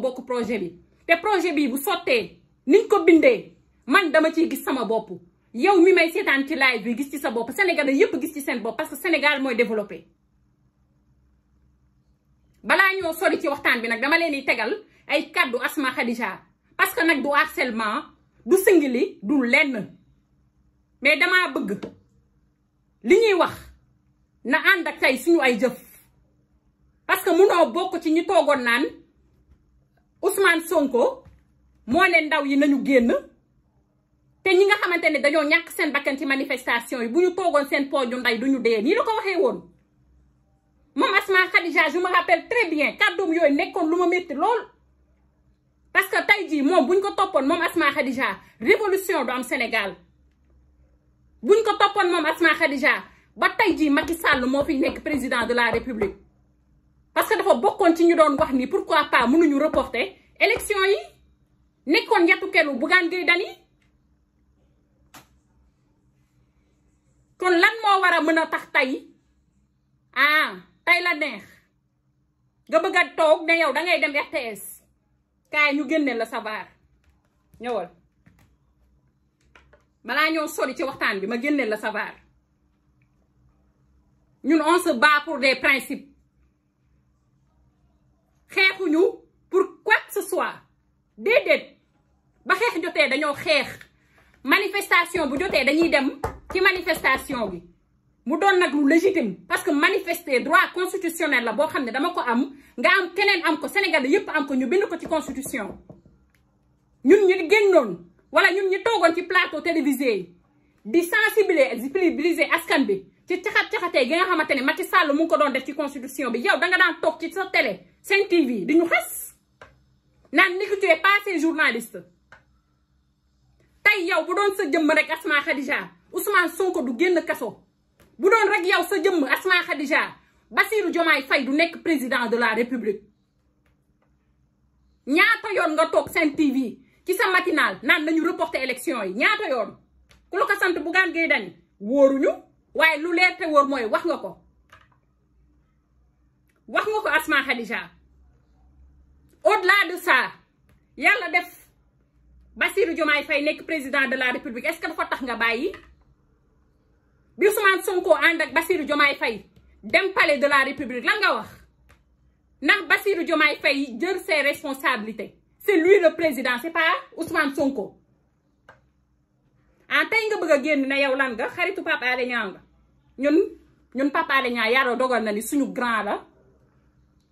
bokk projet bi te projet bii bu sottee niñ ko bindee man dama ciy gis sama bopp yow mi may seetaan ci live bi gis ci sa bopp Sénégalais yépp gis ci seen bopp parce que Sénégal mooy développé balaa ñoo sori ci waxtaan bi nag dama leen di tegal ay kàddu Asma Khadija parce que nag du harcèlement du singili du lenn mais damaa bëgg li ñuy wax na ànd ak tey suñu ay jëf parce que munoo bokk ci ñu toogoon naan Ousmane Sonko moo ne ndaw yi nañu génn te ñi nga xamante ni dañoo ñàkk seen bakkan ci manifestation yi bu ñu toogoon seen pooju nday du ñu dee nii la ko waxee woon moom Asma Khadija je me rappelle très bien kàddoom yooyu nekkoon lu ma métti lool. parce que tey jii moom buñ ko toppoon moom Asma Khadija révolution du am Sénégal buñ ko toppoon moom Asma Khadija ba tey jii Macky Sall moo fiy nekk président de la République parce que dafa bokkoon ci ñu doon wax ni pourquoi pas mënuñu reporter. élection yi nekkoon njatukeelu Bougane Gueye Dany kon lan moo war a mën a tax tay ah tey la neex nga bëgg a toog ne yow da dem RTS kaay ñu génne la sabar ñëwal balaa ñoo sori ci waxtaan bi ma génne la sabar ñun on se bat pour des principes xeexuñu. que ce soit déedéet ba xeex jotee dañoo xeex manifestation bu jotee dañuy dem ci manifestation bi mu doon nag lu légitime parce que manifester droit constitutionnel la boo xam ne dama ko am nga am keneen am ko Sénégal yépp am ko ñu bind ko ci constitution ñun ñu génnoon wala ñun ñu toogoon ci plateau télévisé di di sensibiliser askan bi ci caxat caxatee gi nga xamante ne Macky Sall mu ngi ko doon def ci constitution bi yow da nga daan toog ci sa télé Sen TV naan Mimi Touré journaliste tey yow bu doon sa jëmm rek Asma Khadija Ousmane ko du génn kaso bu doon rek yow sa jëmm Asma Khadija Bassirou Diomaye Faye du nekk président de la République ñaata yoon nga toog seen TV ci sa matinal naan nañu reporter élection yi ñaata yoon ku la ko sant Bougane Gueye Dany wóoruñu waaye lu leer te wóor mooy wax nga ko wax nga ko Asma Khadija au-delà de ça yàlla def Bassirou Diomaye fay nekk président de la République est-ce que dafa tax nga bàyyi bi Ousmane Sonko ànd ak Bassirou Diomaye dem palais de la République lan nga wax ndax Bassirou Diomaye Faye jël ses responsabilités c'est lui le président c'est pas Ousmane Sonko ah tey nga bëgg a génn na yow lan nga xaritu Pape Alé Niang nga ñun ñun Pape Alé Niang yàlla dogal na ni suñu grand la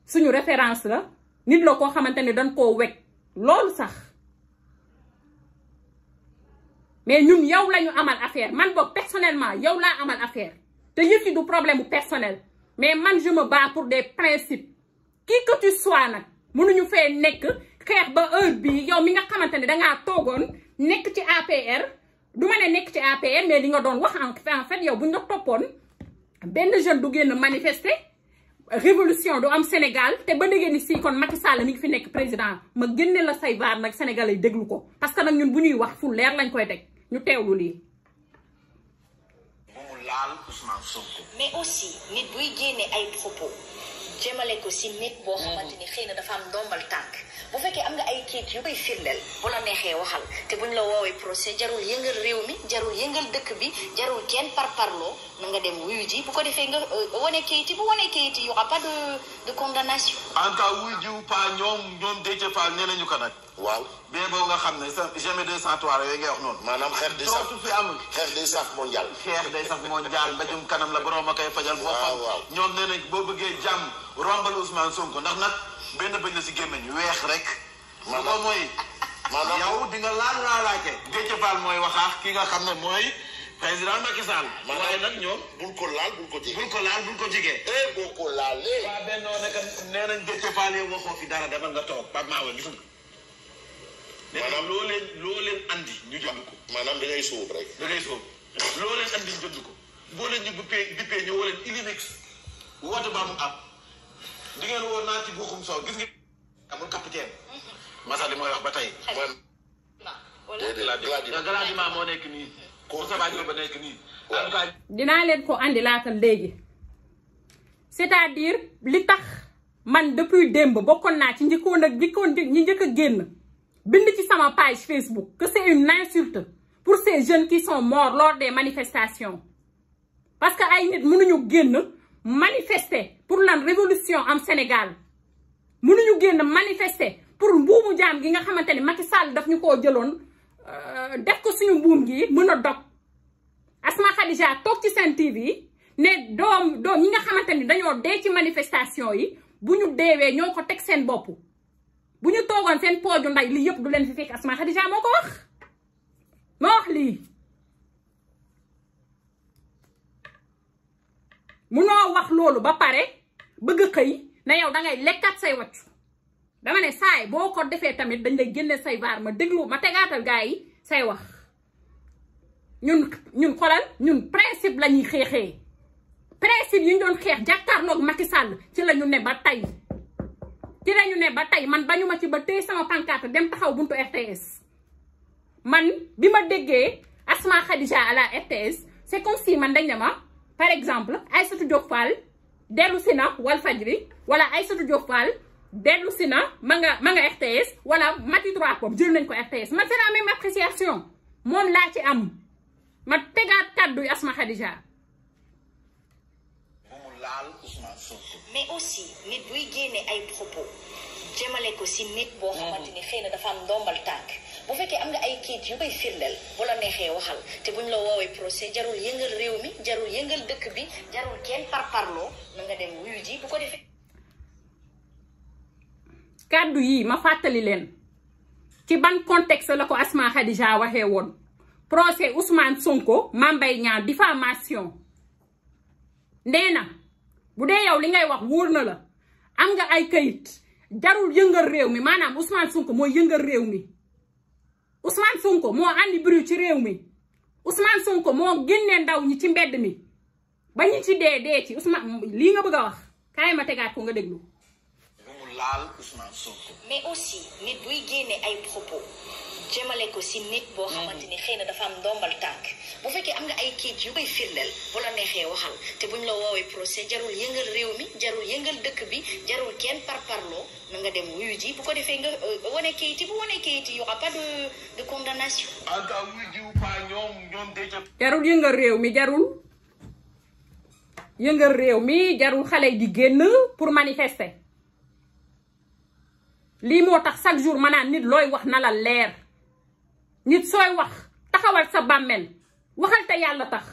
suñu référence la nit la koo xamante ne dañ koo weg loolu sax mais ñun yow lañu amal affaire man boog personnellement yow laa amal affaire te yëf yi du problème bu personnel mais man je me bats pour des principes qui que tu sois nag mënuñu fee nekk xeex ba heure bii yow mi nga xamante ne dangaa toogoon nekk ci APR du ma ne nekk ci APR mais li nga doon wax en fait yow bu ñu la toppoon benn jeune du génn manifester. révolution du am Sénégal te ba déggee ni si kon Macky Sall mi ngi fi nekk président ma génne la say vaar nag sénégalais déglu ko parce que nag ñun bu ñuy wax fu leer lañ koy teg ñu teewlu lii. bu mais aussi nit buy génne ay propos. jéemale ko si nit boo mhm. xamante ni xëy na dafa am ndombal tànk bu fekkee am nga ay kiit yu koy firndeel bu la neexee waxal te buñ la woowee procès jarul yëngal réew mi jarul yëngal dëkk bi jarul kenn parparloo na nga dem wuyu ji bu ko defee nga euh, wane kayit yi bu wane kayit yi y aura pas de de condamnation en cas wuyu ji wu pas ñoom ñoom Déthié Fall nañu ko nag waaw bien boo nga xam ne sa jamais deux cent trois yooyu ngay wax noonu maanaam xeex day saf fi amul xeex day saf mondial xeex day saf kanam la borom a koy fajal boppam ñoom nee nañ boo bëggee jàmm rombal Ousmane Sonko ndax nag benn bëñ la si gémmiñ weex rek. maanaam su ko mooy. maanaam nga laal laalaake. Déthié Fall mooy waxaax ki nga xam ne mooy. président Macky Sall. waaye nag ñoom. bul ko laal bul ko jege. bul ko laal bul ko jege. eh boo ko laalee. waa benn woon nag nee nañ Déthié Fall yow waxoo fi dara demal nga toog Pape Mahawa gisul. maanaam loo leen loo leen ñu jënd ko. maanaam da ngay rek. da ngay sóob loo ñu jënd ko. boo leen ñu bippee bippee ñëw leen Illimix woote ba mu am. di ngeen naa ci buuxum soow gis nga amul capitaine. Massa li mooy wax ba tey. moo nekk nii. Moussa Badji dinaa leen ko andi léegi c'est-à-dire li tax man depuis démb bokkoon naa ci njëkkoon ak njëkkoon ñi njëkk a génn bind ci sama page Facebook que c'est une insulte pour ces jeunes qui sont morts lors des manifestations parce que ay nit mënuñu génn. manifester pour lan révolution am Sénégal mënuñu génn manifester pour mbuumu jaam gi nga xamante ne Macky Sall daf ñu ko jëloon euh, def ko suñu mbuum gi mën a dog Asma Khadija toog ci seen TV ne doom doom ñi nga xamante dañoo dee ci manifestation yi bu ñu deewee ñoo ko teg seen bopp bu ñu toogoon seen pooju nday li yëpp du leen fi fekk Asma Khadija moo ko wax moo wax lii mu munoo wax loolu ba pare bëgg xëy na yow dangay lekkat say waccu dama ne saay boo ko defee tamit dañ lay génne say vaar ma déglu ma tegaatal gaa yi say wax ñun ñun xolal ñun principe lañuy xeexee principe yi ñu doon xeex ma Macky Sall ci la ñu ne ba tey ci lañu ne ba tey man bañu ma ci ba tey sama pancarte dem taxaw buntu RTS man bi ma déggee Asma Khadija à RTS c'est comme si man dañ ne ma par exemple Aïssatou Diop Fall dellu si na Walfadjri wala Aïssatou Diop Fall dellu si na ma nga ma nga RTS wala Mati Trois jël nañ ko RTS man c'est la même appréciation moom laa ci am ma tegaat kàddu Asma Khadija mais aussi nit buy génne ay propos jëmale ko si nit boo mm-hmm. xamante xëy na dafa ndombal tànk boo fekkee am nga ay kiit yu koy firndeel bu la waxal te buñ la woowee procès jarul yëngal réew mi jarul yëngal dëkk bi jarul kenn par parloo na dem wuyu bu ko defee. kàddu yii ma fàttali leen ci ban contexte la ko Asma Khadija waxee woon procès Ousmane Sonko Mame Mbaye Niang diffamation na bu dee yow li ngay wax wóor na la am nga ay kayit jarul yëngal réew mi maanaam Ousmane Sonko mooy yëngal réew mi. Ousmane Sonko moo andi bruit ci réew mi Ousmane Sonko moo génne ndaw ñi ci mbedd mi ba ñu ci dee dee ci Ousmane lii nga bëgg wax kaay ma tegaat ko nga déglu. ñu laal Ousmane Sonko. mais aussi nit buy génne ay propos. jëmale ko si nit boo mm-hmm. na ay kiit yu buñ la woowee procès jarul yëngal réew mi jarul yëngal dëkk bi jarul kenn parparloo na euh, de de condamnation anta wuyu ji réew mi jarul yëngal réew mi jarul xale yi di génn pour manifester lii moo tax chaque jour ma naan nit looy wax na la leer nit sooy wax taxawal sa bàmmeel waxal yàlla tax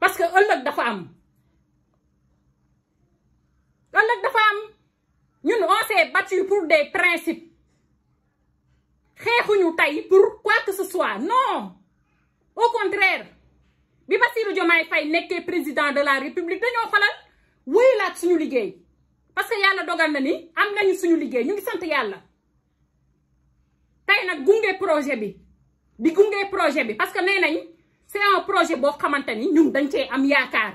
parce que ëllëg dafa am ëllëg dafa am ñun on s'est battu pour des principes xeexuñu tey pour quoi que ce soit non au contraire bi Bassirou Diomaye Faye nekkee président de la république dañoo falal wéyalaat suñu liggéey parce que yàlla dogal na ni am nañu suñu liggéey ñu ngi sant yàlla tey nag gunge projet bi di gunge projet bi parce que nee nañ c'est un projet boo xamante ni ñun dañ cee am yaakaar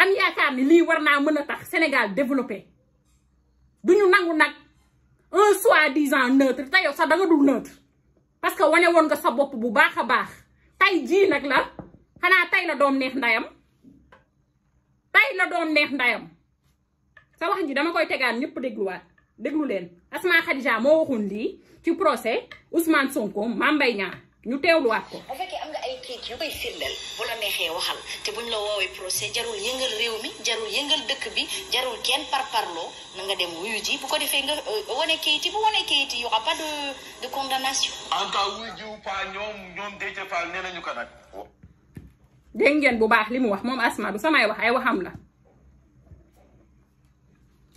am yaakaar ni lii war naa mën a tax Sénégal développé duñu nangu nag un soi-disant neutre te yow sax da nga dul neutre parce que wane woon nga sa bopp bu baax a baax tey jii nag la xanaa tey la doom neex ndayam tay la doom neex ndayam sa wax ji dama koy tegaan ñëpp dégluwaat déglu leen Asma Khadija moo waxoon lii ci procès Ousmane Sonko Mame Mbaye Niang ñu teew ko. bu fekkee am nga ay kayit yu koy firndeel bu la neexee waxal te buñ la woowee procès jarul yëngal réew mi jarul yëngal dëkk bi jarul kenn par parloo na nga dem wuyu bu ko defee nga euh, wane kayit yi bu wane kayit yi y aura pas de condamnation. en cas wuyu jiw pas ñoom ñoom Déthié Fall ko nag. dégg bu baax li mu wax moom Asma du samay wax ay waxam la.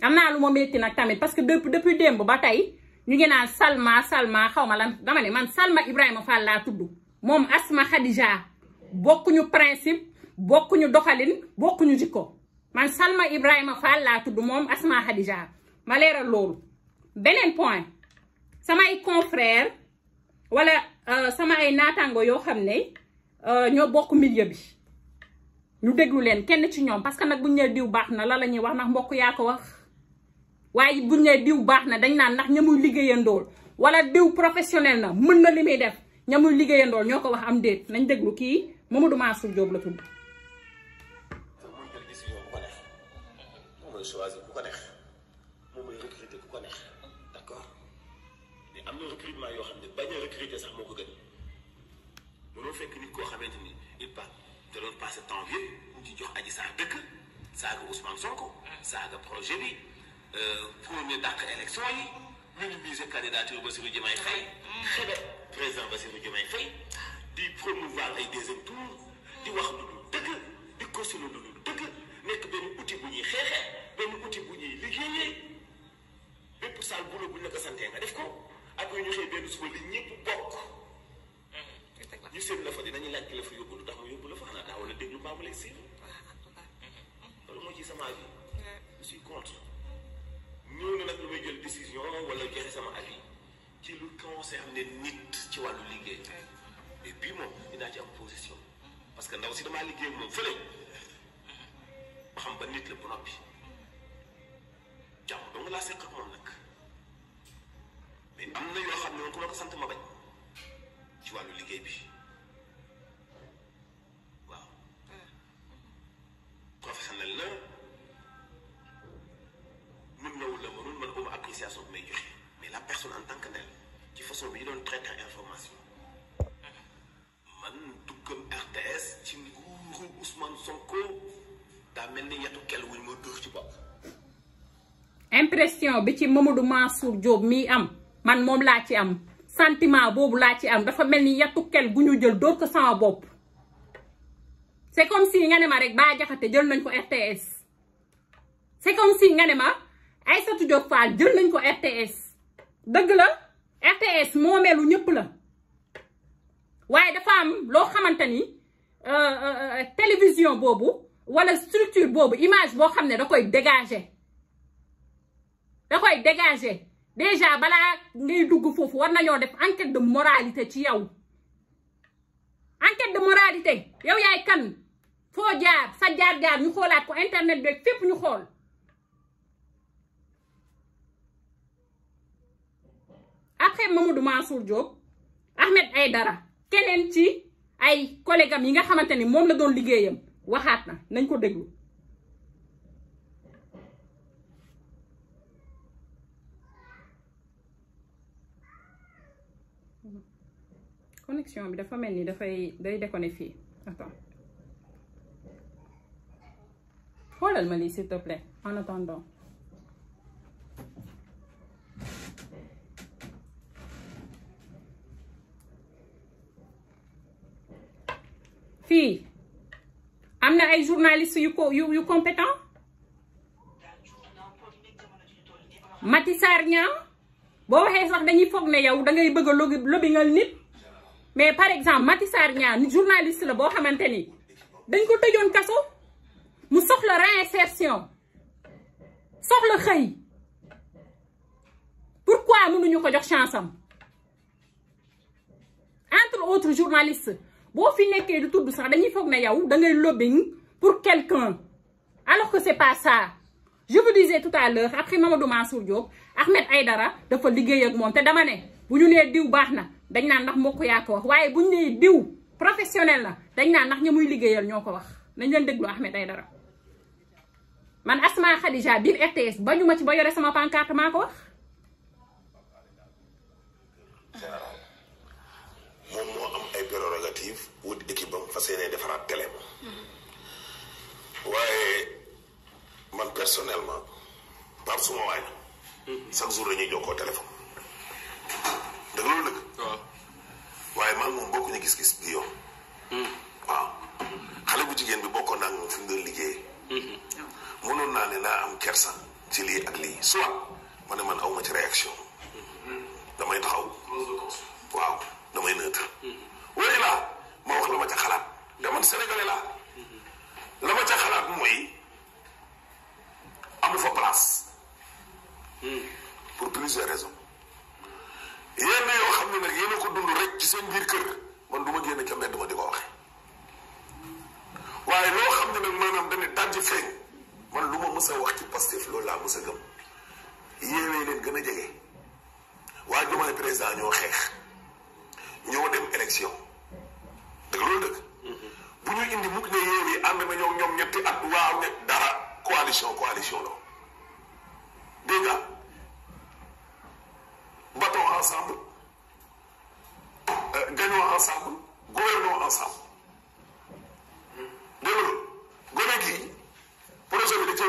am naa lu ma métti nag tamit parce que depuis depuis démb ba tey ñu ngi naan Salma Salma xaw ma lan dama ne man Salma Ibrahima Fall laa tudd moom Asma Khadija bokkuñu principe bokkuñu doxalin bokkuñu jikko man Salma Ibrahima Fall tudd moom Asma Khadija ma leeral loolu. beneen point samay confrères wala euh, sama ay naataango yoo xam ne euh, ñoo bokk milieu bi ñu déglu leen kenn ci ñoom parce que nag bu ñu nee diw baax na la la ñuy wax ndax mbokk yaa ko wax. waaye buñ ne diw baax na dañ naan ndax ña liggéeyandool wala diw professionnel na mën na li muy def ña muy liggéeyandool ñoo ko wax am déet nañ déglu kii Mamadou Mansour Diop la tudd. mooy choisir ku ko neex moom mooy recruter ku ko neex d'accord mais am na recrutement yoo xam ne bañ a recruter sax moo ko gën mënoo fekk nit koo xamante ni il part da doon temps yëpp mu ci jox aji saa dëkk saaga Ousmane Sonko saaga projet bi. Euh, pour ñu dàq élection yi minimiser candidature Bassirou Diomaye Faye xebe président Bassirou Diomaye Faye di promouvoir ay deuxième tour di wax lu dul dëgg di cautionner lu dul dëgg nekk benn outil bu ñuy xeexee benn outil bu ñuy liggéeyee bépp saal boulot bu ñu santee nga def ko ak ñu xëy benn suba li ñëpp bokk ñu seen la fa dinañu laaj ki la fa yóbbu lu tax yóbbu la fa xanaa daa wala déglu mbaa mu lay siiw loolu moo ci sama avis je ñëw na nag lu may jël décision wala joxe sama at ci lu concerne nit ci wàllu liggéey et bii moom dinaa ci am position parce que ndaw si damaa liggéey moom fële ba xam ba nit la bu noppi jàmm dong laa seq ak moom nag mais am na yoo xam ne moom ku ma ko sant ma bañ ci wàllu liggéey bi impression bi ci Mamadou Mansour jóob mii am man moom laa ci am sentiment boobu laa ci am dafa mel ni yatukel gu ñu jël dóor ko sama bopp c'est si nga ne ma rek Bah Diakhaté jël nañ ko RTS c'est comme si nga ne jël nañ ko RTS dëgg la RTS moomeelu ñëpp la waaye dafa am loo xamante ni euh, euh, euh, télévision boobu wala structure boobu image boo xam ne da koy dégager da koy dégager déjà balaa ngay dugg foofu war nañoo def enquête de moralité ci yow enquête de moralité yow yaay kan foo jaar sa jaar-jaar ñu xoolaat ko internet beeg fépp ñu xool après Mamadou Mansour Diop Ahmed dara keneen ci ay collègue yi nga xamante ni moom la doon liggéeyam waxaat na nañ ko déglu connexion bi dafa mel ni dafay day déconné fii attends xoolal ma lii s'il te plaît en attendant fii am na ay journalistes yu ko yu yu compétent Maty Sarr boo waxee sax dañuy foog ne yow da ngay bëgg a lobi nit mais par exemple Mati Sarr Niang journaliste la boo xamante ni dañ ko tëjoon kaso mu soxla réinsertion soxla xëy pourquoi mënuñu ko jox chance am entre autres journalistes boo fi nekkee du tudd sax dañuy foog ne yow dangay ngay pour quelqu'un alors que c'est pas ça je vous disais tout à l'heure après Mamadou Mansour Diop Ahmed Aïdara dafa liggéey ak moom te dama ne bu ñu nee diw baax na dañ naan ndax mbokk yaa ko wax waaye buñ nee diw professionnel la dañ naan ndax ña muy liggéeyal ñoo ko wax nañ leen déglu Ahmed Aidara man Asma Khadija biir RTS bañu ma ci ba yore sama pancarte maa ko wax. moom moo am ay prérogative wut équipe bam fas defaraat télé waaye man personnellement par suma waay chaque jour dañuy jokkoo téléphone gis xale bu jigéen bi bokkoon naa moom liggéey mu mënoon naa ne naa am kersa ci lii ak lii soit ma ne man aw ma ci réaction. damay taxaw. waaw damay neutre. wala ma wax la ma ca xalaat. dama Sénégalais laa. la ma ca xalaat mooy.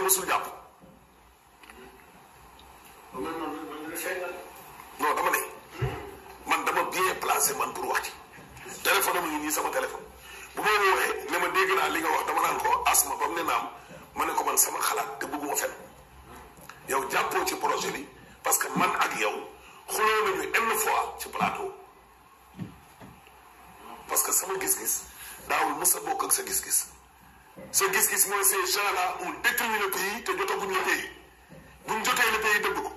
su jàpp. non dama ne. man dama bien placé man pour wax ci. téléphone am yi nii sama téléphone. bu ma waxee ne ma dégg naa li nga wax dama naan ko asma ba mu ne naam ma ne ko man sama xalaat te bëgguma fen yow jàppoo ci projet bi parce que man ak yow xuloo nañu une fois ci plateau parce que sama gis-gis daawul mës a bokk ak sa gis-gis. sa gis-gis mooy ces gens-là ont détruit le pays te jotaguñ le pays buñ jotee le pays dëgg ko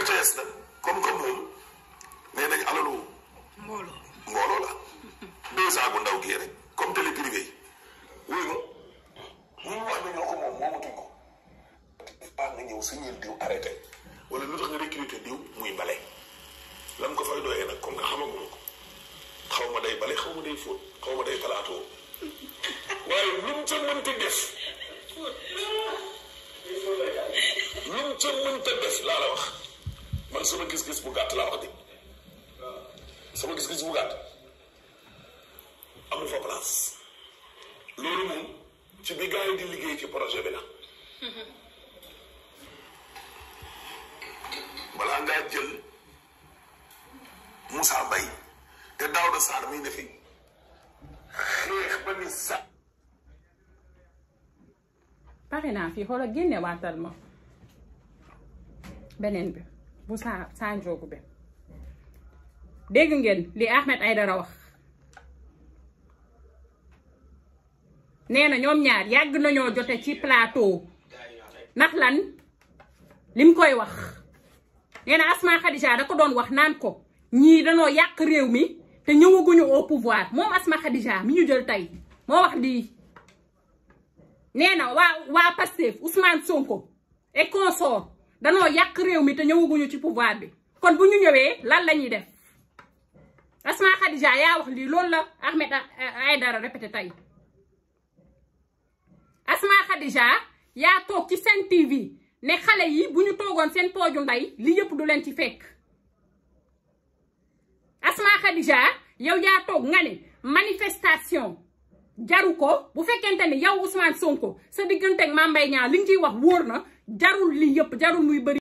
RTS la comme comme moom nee nañ alalu mbooloo mbooloo la deux ans bu ndaw gii rek comme télé privé yi wéy ma nga ñëw signal diw diw muy bale lam ko fay doyee nag comme nga xamaguma ko xaw ma day bale xaw ma day fóot xaw ma day palaatoo waaye lu mu ca mënta def lu mu ca mënta def laa la wax man sama gis-gis bu gàtt laa wax de sama gis-gis bu gàtt amul fa place loolu moom ci bi gars yi di liggéey ci projet bi la balaa ngaa jël Moussa Mbaye te Daouda Sarr mii ne fi xeex ba mi sax pare naa fii xoolal génne waatal ma beneen bi bu saa saa njoogu bi dégg ngeen li Ahmed Aidara wax nee na ñoom ñaar yàgg nañoo jote ci plateau ndax lan lim koy wax nee na Asma Khadija da ko doon wax naan ko ñii danoo yàq réew mi te ñëwaguñu au pouvoir moom Asma Khadija mi ñu jël tey moo wax lii nee na waa waa Pastef Ousmane Sonko et consort danoo yàq réew mi te ñëwaguñu ci pouvoir bi kon bu ñu ñëwee lan la def Asma Khadija yaa wax lii loolu la Ahmed Aïdara répété tey Asma Khadija yaa toog ci seen TV ne xale yi bu ñu toogoon seen pooju ndey li yëpp du leen ci fekk Asma Khadija yow yaa toog nga ne manifestation jaru ko bu fekkente ni yow Ousmane Sonko sa diggante ak Mame Mbaye li ñu ciy wax wóor na jarul lii yëpp jarul muy bëri.